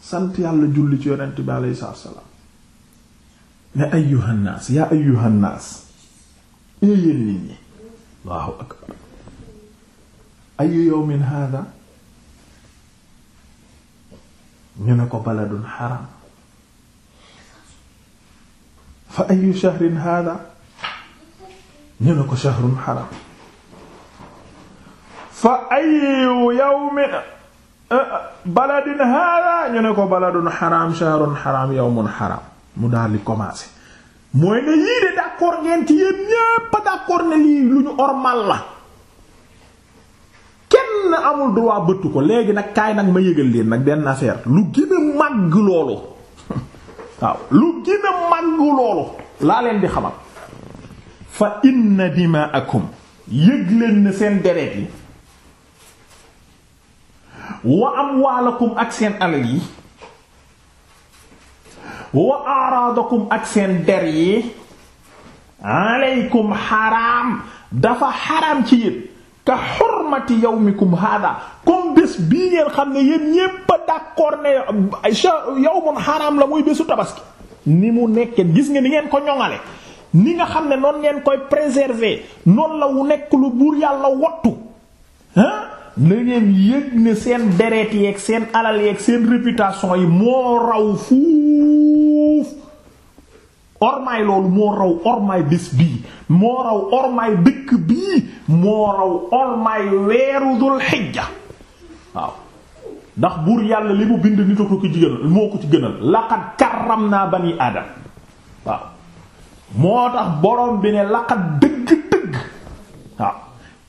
sant yàlla julli ci yonent bi aleyhi salaatu salaam ne ayyuhan naas yaa ayyuhan naas eh, yéen nit ñi Allahu akbar ayyu yawmin ñu ne ko baladun haram fa ayyu shahrin haadaa ñu ne ko shahrun haram fa ayu yawmin eh, eh, baladin hada ñu ne ko baladun haram shahrun haram yawmun haram mu daal di commencer mooy ne yii de d'accord ngeen ci yéen ñépp d'accord ne lii lu ñu ormal la kenn amul droit bëttu ko léegi nag kaay nag ma yëgal leen nag benn affaire lu gën a loolu waaw lu gën a loolu laa leen di xamal fa inna dimaakum yëg leen ne seen deret yi wa amwaalakum ak seen alal yi wa araadakum ak seen der yi aleykum xaraam dafa xaraam ci yéen ka xurmati yawmikum hada comme bés bii ngeen xam ne yéen ñépp a d'accord ne yawmun xaraam la muy bésu tabaski ni mu nekkee gis nga ni ngeen ko ñoŋale ni nga xam ne noon ngeen koy préserver noonu la wu nekk lu buur yàlla wattu ah na yëg ne seen deret yeeg seen alal yeeg seen réputation yi moo raw fuuf ormaay loolu moo raw ormaay bés bii moo raw ormaay dëkk bii moo raw ormaay weeru dul xijja waaw ndax buur yàlla li mu bind nit ko ko ci gënal moo ko ci gënal laqad karram naa bani aadam waaw moo tax boroom bi ne laqad dëgg-dëgg waaw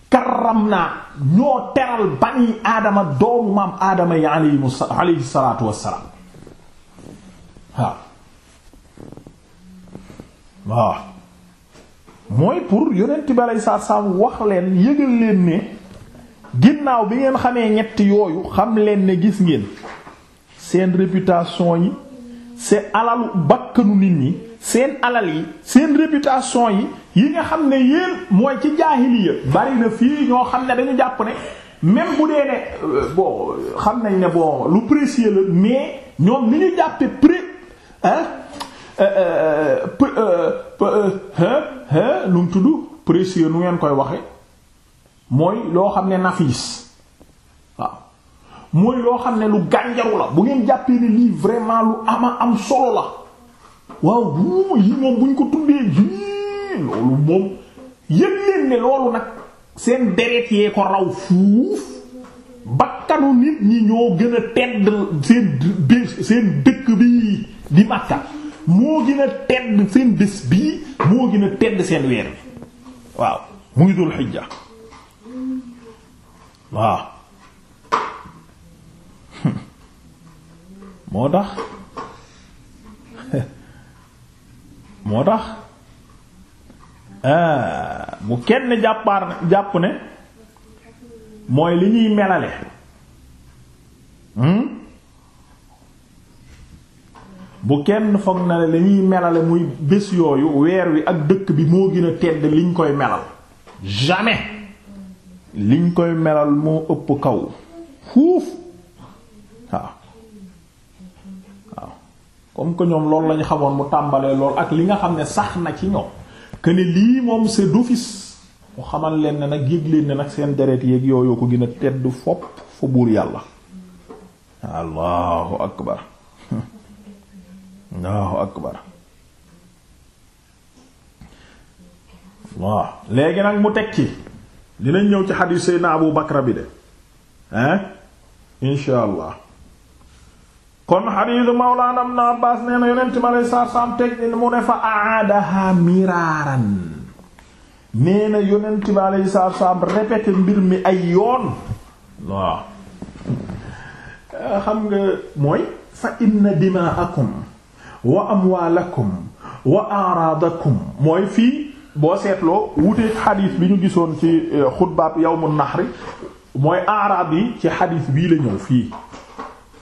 karam naa ñoo teral bani aadama doomu maam aadama yi alayhi salaatu wassalaam waaw waaw mooy pour yonent bi alay saa saam wax leen yëgal leen ne ginnaaw bi ngeen xamee ñett yooyu xam leen ne gis ngeen seen réputation yi seen alalu bakkanu nit ñi seen alal yi seen réputation yi yi nga xam ne yéen mooy ci jaahiliya bari na fii ñoo xam ne dañu jàpp ne même bu dee ne euh, bon xam nañ ne bon lu précieux la mais ñoom ni ñu jàppe pré euh, euh, lu mu tudd précieux nu ngeen koy waxe mooy loo xam ne nafis waaw mooy loo xam ne lu gànjaru la bu ngeen jàppee ne lii vraiment lu ama am solo la waaw buñ ko tuddee ji loolu moom seen deret yee ko raw ñoo gën dëkk bi di Makka moo bi waaw muy dul xijja waaw moo tax moo tax ah, bu kenn jàppaar jàpp ne mooy li ñuy melale hmm? bu kenn foog na ne li ñuy melale muy bés yooyu weer wi ak dëkk bi moo gën a tedd liñ koy melal jamais liñ koy melal moo ëpp kaw fuuf comme que ñoom loolu lañu xamoon mu tàmbalee lool ak li nga xam ne sax na ci ñoom que ne lii moom c'est d'office mu xamal leen na nag yëg leen ne nag seen deret yeeg yooyu ko gën a tedd fopp fa buur yàlla allahu akbar allahu akbar waaw léegi nag mu teg ci dinañ ñëw ci xadiis Seydina Abu Bakra bi de hein insha kon xadiisu mawlaana ibn Abbaas nee na yonent mi alayhi salaatu salaam mu ne fa aadaha miraaran nee na yonent mi alayhi salaatu salaam mbir mi ay yoon waaw xam nga mooy fa inna dimaakum wa amwaalakum wa araadakum mooy fii boo seetloo wuteeg xadiis bi ñu gisoon ci eh, xutbaab yawmun nahri mooy araad ci xadiis bii la ñëw fii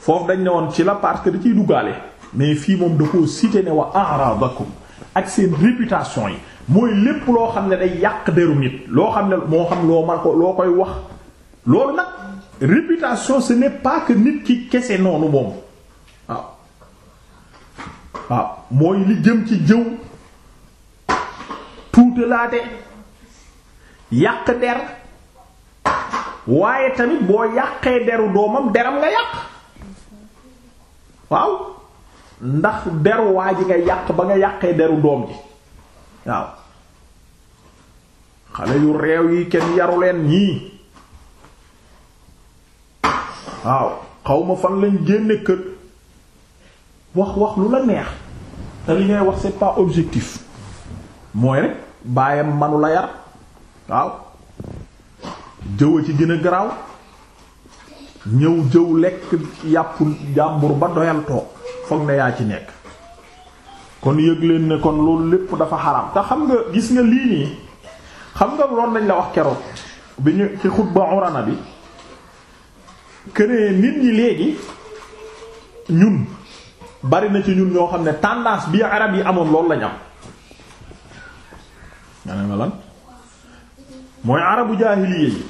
foofu dañ ne woon ci la parce que da ciy duggaale mais fii moom da koo cité ne wa a'radakum ak seen réputation yi mooy lépp loo xam ne day yàq deru nit loo xam ne moo xam loo man loo koy wax loolu nag réputation ce n'est pas nit ki kese noonu moom waaw waaw mooy li jëm ci jëw tuutalaate yàq der waaye tamit boo yàqee deru doomam deram nga yàq waaw ndax deru waa ji nga yàq ba nga yàqee deru doom ji waaw xale yu reew yi kenn yaru leen ñii waaw xawma fan lañ génne kër wax wax lu la neex te li ngay wax c'est pas objectif mooy rek baayam manu la yar waaw jëwa ci gën a garaaw ñëw jëw lekk yàpp jàmbur ba doyal toog foog ne yaa ci nekk kon yëgleen leen ne kon loolu lépp dafa xaram te xam nga gis nga lii nii xam nga loolu lañ la wax keroog bi ñu ci xutba urana bi kënee nit ñi léegi ñun bari na ci ñun ñoo xam ne tàndaas bi arab yi amoon loolu lañ am mooy arabu jaahiliya yi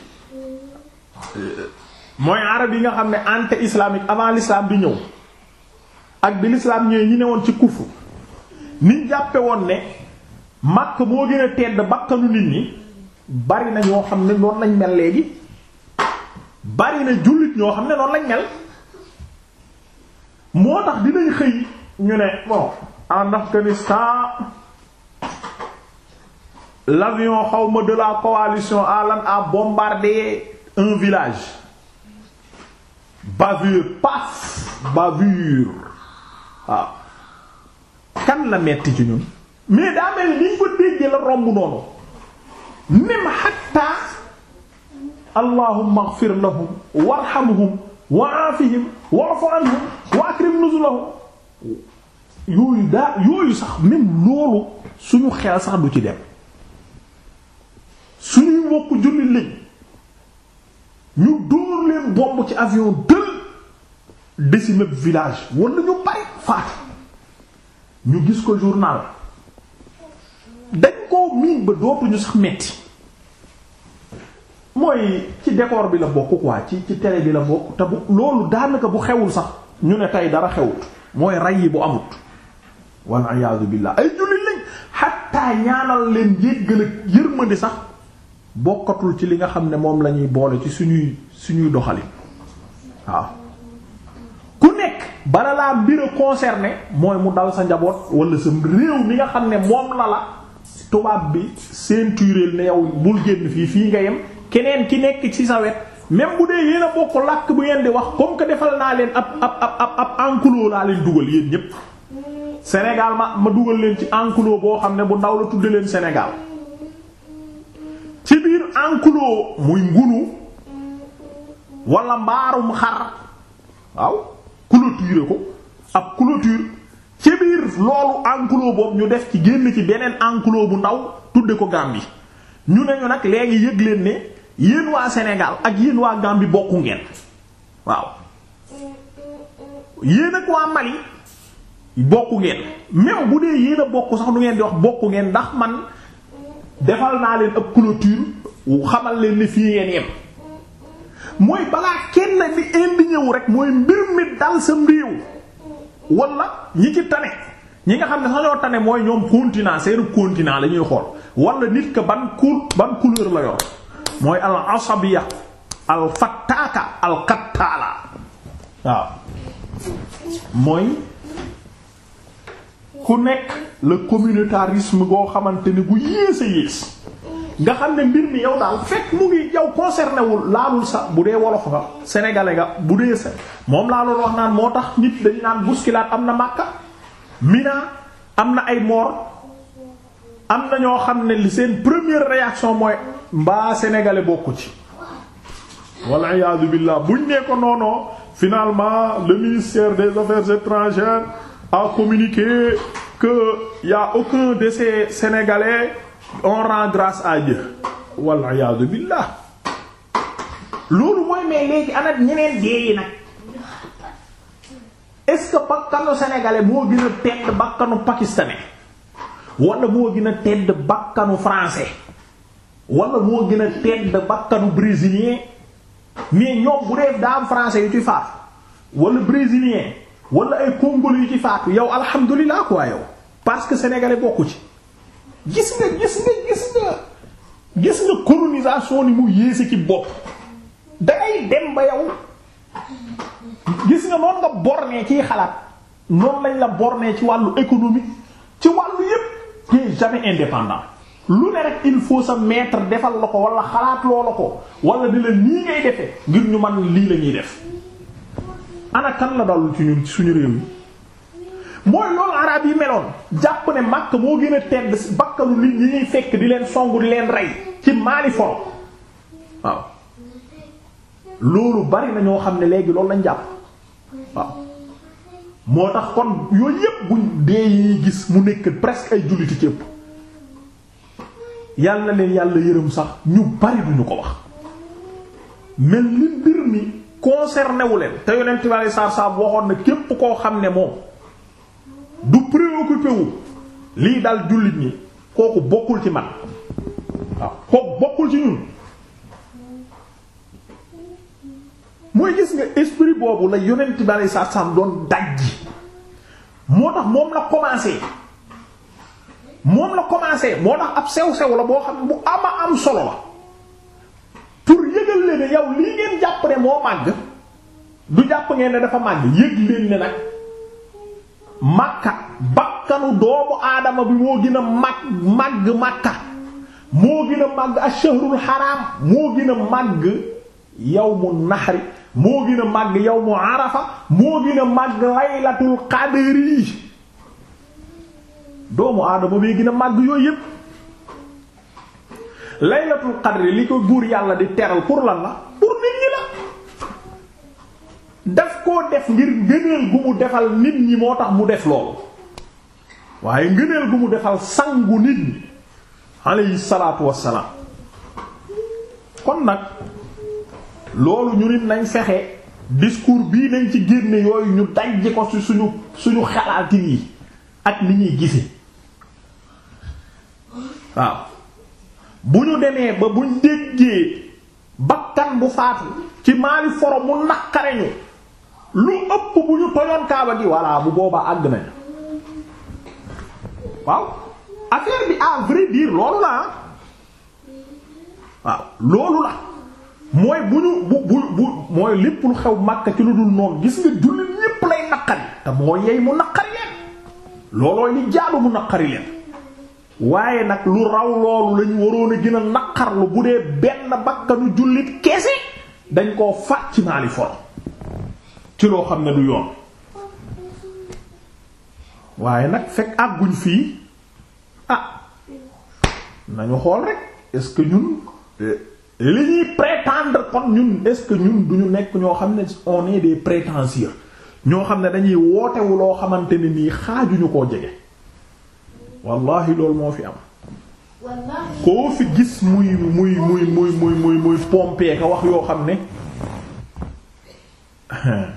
mooy arab yi nga xam ne anté islamique avant l'islam di ñëw ak bi l'islam ñëwee ñi ne woon ci kufr niñ jàppe woon ne màkk moo gën a tedd bakkanu nit ñi bari na ñoo xam ne noonu lañ mel léegi bari na jullit ñoo xam ne noonu lañ mel moo tax dinañ xëy ñu ne bon en Afghanistan l'avion xawma de la coalition alan a bombardé un village bavure paf bavure waaw kan la metti ci ñun mais daa mel ni ñu déggee la romb noonu même hatta allahumma ighfir lahum warhamhum wa aafihim wa'fu anhum wa akrim nuzulahum yooyu daa yooyu sax même loolu suñu xel sax du ci dem suñuy mbokk jullit lañ ñu dóor leen bomb ci avion dël décimer village wala ñu bari faat ñu gis ko journal dañ koo miin ba dootuñu sax metti mooy ci décor bi la bokk quoi ci ci télé bi la bokk te bu loolu daanaka bu xewul sax ñu ne tey dara xewut mooy rey yi bu amut wal iyaadu billaah ay jullit lañ xattaa ñaanal leen yéggal ak yërmande sax bokkatul ci li nga xam ne moom lañuy boole ci suñuy suñuy doxali waaw ku nekk bala laa mbir a concerné mooy mu dal sa njaboot wala sa réew mi nga xam ne moom la la tubaab bi ceintureel ne yow bul génn fii fii nga yem keneen ki nekk ci sa wet même bu dee yéen a bokk làkk bu ngeen di wax comme que defal naa leen ab ab ab ab enclos laa leen dugal yéen ñépp Sénégal ma ma dugal leen ci enclos boo xam ne bu ndaw la tudde leen Sénégal ci biir enclos muy ngunu wala mbaarum xar waaw clôturer ko ab clôture ci biir loolu enclos boobu ñu def ci génn ci beneen enclos bu ndaw tudde ko Gambie ñu ne ñu nag léegi yëg leen ne yéen waa senegal ak yéen waa Gambie bokku ngeen waaw yéen ak waa Mali bokku ngeen même bu dee yéen a bokk sax du ngeen di wax bokku ngeen ndax man. defal naa leen ab clôture xamal leen ni fii ngeen yem mooy balaa kenn di indi ñëw rek mooy mbir mi dal sam réew wala ñi ci tane ñi nga xam ne sañoo tane mooy ñoom continent seenu continent la ñuy xool wala nit ka ban coul ban couleur la yor mooy al asabiya al fattaaka al qattaala waaw mooy ku nekk le communautarisme goo xamante ni gu yées yées nga xam ne mbir mi yow daal fekk mu ngi yow concerné laalul sa bu dee wolof nga sénégalais nga bu dee sa moom laa loolu wax naan moo tax nit dañ naan bousculade am na Makka Mina am na ay moor am na ñoo xam ne li seen première réaction mooy mbaa sénégalais bokku ci walla iyaadu billaah buñ nee ko noonoo finalement le ministère des affaires étrangères a communiqué que y aucun de ces Sénégalais on rend grâce à Dieu walla iyaadu billah loolu mooy mais léegi anat ñeneen dee nag est-ce que bakkanu sénégalais moo gën a tedd bakkanu pakistanais wala moo gën a tedd bakkanu français wala moo gën brésilien mais ñoom bu dee daam français yu ci faatu wala brésilien wala ay congolais yu ci faatu yow alhamdulilah quoi yow parce que sénégalais bokku ci gis nga gis nga gis nga gis nga colonisation ni mu yéese ci bopp dangay dem ba yow gis nga noonu nga bornee ciy xalaat noonu lañ la bornee ci wàllu économie ci wàllu yépp t'es jamais indépendant lu ne rek il faut sa maître defal la ko wala xalaat loo ko wala di la ngay defee ngir ñu man lii lañuy def ana kan la dal ci ñun ci suñu réew mi mooy loolu arab yi meloon jàpp ne màkk moo gën a tedd bakkalu nit fekk di leen songu di leen rey ci maali foro waaw loolu bari na ñoo xam ne léegi loolu lañ jàpp waaw moo tax kon yooyu yépp buñ dee yi gis mu nekk presque ay julliti ci ëpp yàlla na leen yàlla yërëm sax ñu bari duñu ko wax mel ni mbir mi concerné wu leen te yonent bi aleyhi salaatu waxoon na képp koo xam ne moom du préoccupé wu lii daal jullit ñi kooku bokkul ci man waaw kooku bokkul ci ñun. mooy gis nga esprit boobu la yonent bi aleyhi salaatu salaam doon dajji moo tax moom la commencé moom la commencé moo tax ab sew sew la boo xam bu ama am solo la. pour yëgal leen ne lii ngeen jàpp ne moo màgg du jàpp ngeen ne dafa màgg yëg leen ne nag makka bakkanu doomu aadama bi moo gën a mag màgg makka moo gën a màgg ash-shahrul haram moo gën a màgg yawmu nahri moo gën a màgg yawmu arafa moo gën a màgg laylatul qadri doomu aadama bee gën a màgg yooyu yépp laylatul qadri li ko buur yàlla di teral pour lan la pour nit ñi la daf koo def ngir ngëneel gu mu defal nit ñi moo tax mu def loolu waaye ngëneel gu mu defal sangu nit ñi alayhi salaatu wassalaam kon nag loolu ñu nit nañ fexe discours bii nañ ci génne yooyu ñu dajji ko ci suñu suñu xalaatin yi ak ni ñuy gise waaw bu ñu demee ba buñ déggee bakkan bu faatu ci maali foro mu naqare ñu lu ëpp bu ñu tojoon kaaba gi walla bu boobaa àgg nañ waaw affaire bi à vrai loolu la waaw loolu la mooy bu ñu bu bu bu mooy lépp xew Makka ci lu dul noonu gis nga jullit ñépp lay naqari te moo yey mu naqari leen loolooy li jaalu mu naqari leen waaye nag lu raw loolu lañu waroon a gën a naqarlu bu dee benn bakkanu jullit kese dañ koo faat ci maali for ci loo xam ne du yoon waaye nag fekk àgguñ fii ah nañu xool rek est-ce que ñun eh, li ñuy prétendre kon ñun est-ce que ñun duñu nekk ñoo xam ne on est des prétentieux ñoo xam ne dañuy wootewu loo xamante ne nii xaajuñu koo jege wallahi loolu moo fi am koo gis muy muy muy muy muy muy muy pompé ka wax yoo xam ne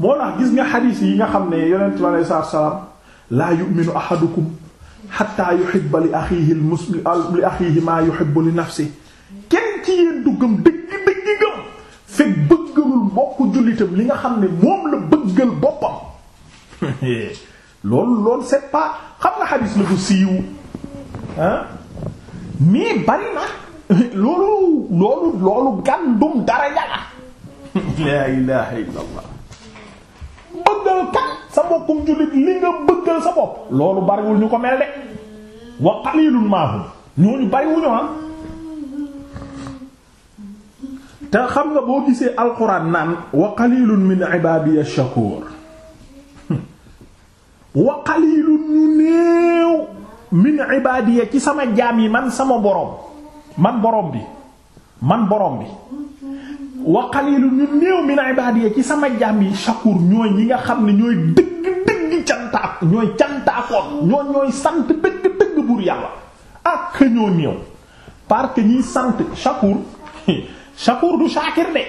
moo tax gis nga xadiis yi nga xam ne yonent bi alayhi salaatu wa salaam laa yu'minu ahadukum hatta ci yéen dëgg dëgg gëm fekk bëggalul mbokku jullitam li nga xam ne moom la bëggal boppam loolu loolu c'est pas xam nga xadis la bu siiw ah bari na loolu loolu loolu gàndum dara yàlla laa ilaha illa bëggal kan sa mbokkum jullit li nga bëggal sa bopp loolu bariwul ñu ko mel de wa qalilun maahum ñooñu bariwuñu am te xam nga boo gisee alquran naan wa qalilun min ay ash-shakur wa qalilun ñu néew min ibadiya ci sama jaam yi man sama borom man borom bi man borom bi wa qalilun ñu néew min ibadiya ci sama jaam yi shakur ñooy ñi nga xam ne ñooy dëgg-dëgg cantaak ñooy cantaakoon ñooy ñooy sant dëgg-dëgg buur yàlla ak ñoo néew parce que ñiy sant shakur shakur du shaakir de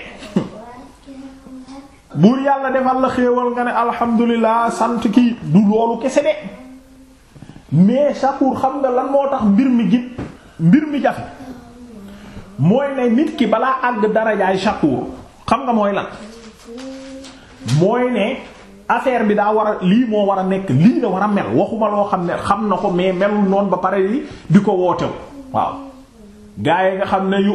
buur yàlla defal la xéewal nga ne alhamdulilah sant ki du loolu kese de mais sakuur xam nga lan moo tax mbir mi jib mbir mi jafe mooy ne nit ki balaa àgg darajaay sakuur xam nga mooy lan mooy ne affaire bi daa war a lii moo war a nekk lii la war a mel waxuma loo xam ne xam na ko mais melul noonu ba pare di ko wootew waaw gaa yi nga xam ne yu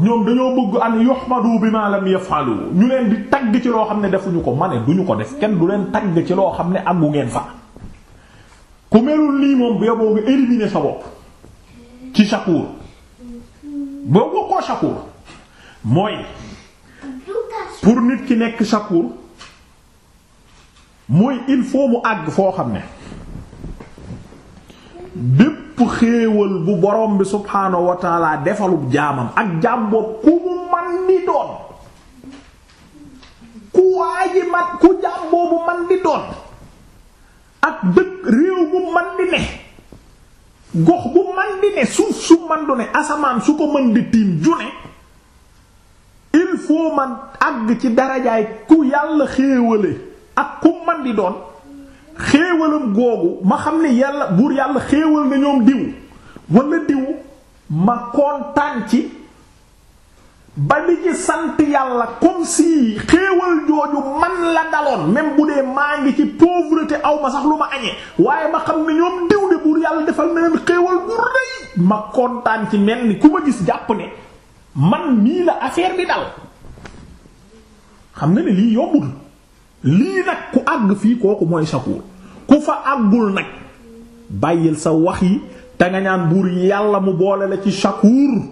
ñoom dañoo bëgg an yuhmadu bima lam yaf'alu ñu leen di tagg ci loo xam ne defuñu ko ma duñu ko def kenn du leen tagg ci loo xam ne àggu ngeen fa ku melul nii moom bu yoboo nga éliminer sa bopp ci shakur boo bokkoo shakur mooy pour nit ki nekk shakur mooy il faut mu àgg foo xam ne bépp pour xéewal bu borom bi subhaanahu wa taala jaamam ak jaam boobu ku man di doon ku waaji man ku jaam boobu man di doon ak dëkk réew bu man di ne gox bu man di ne suuf su man du ne asamaan su ko mën di tiim ju ne il faut man àgg ci darajaay ku yàlla xéewale ak ku man di doon xéewalam googu ma xam ne yàlla buur yàlla xéewal na ñoom diw wala diw ma kontaan ci ba li sant yàlla comme si xewal jooju man la daloon même bu dee maa ngi ci pauvreté aw ma sax lu ma añee waaye ma xam ne ñoom diw de buur yàlla defal na leen bu rëy ma kontaan ci mel ni ku ma gis jàpp ne man mii la affaire bi dal xam nga ne lii yombul lii nag ku àgg fii kooku mooy sakuur ku fa àggul nag bàyyil sa wax yi te nga ñaan buur yàlla mu boole la ci sakuur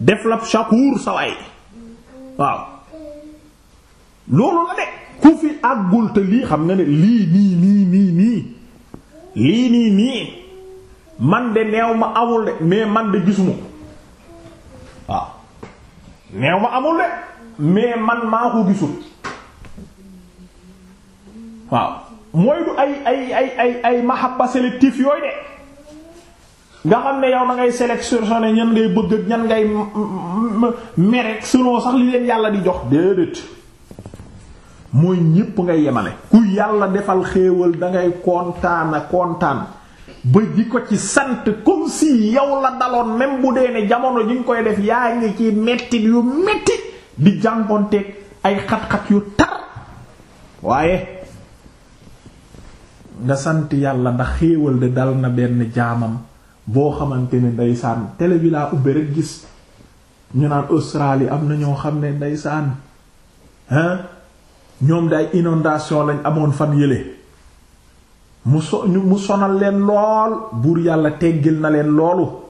def la sakuur sa waay waaw loolu la de ku fi àggul te lii xam nga ne lii nii nii nii nii lii nii nii man de neew ma amul de mais man de gisuma waaw neew ma amul de mais man maa ko gisul waaw mooy du ay ay ay ay ay mahabba sélectif yooyu de nga xam ne yow na ngay sélectionner ñan ngay bëgg ak ñan ngay merek selon sax li leen yàlla di jox déedéet mooy ñépp ngay yemale ku yàlla defal xéewal dangay kontaana kontaan ba di ko ci sant comme si yow la daloon même bu dee ne jamono ji nga koy def yaa ngi ci metti yu metti di jànkonteeg ay xat-xat yu tar waaye nga sant yàlla ndax xéewal de dal na benn jaamam boo xamante ne ndeysaan télé bi laa ubbe rek gis ñu naan Australie am na ñoo xam ne ndeysaan hein ñoom day inondation lañ amoon fan yële mu mu sonal leen lool buur yàlla teggil na leen loolu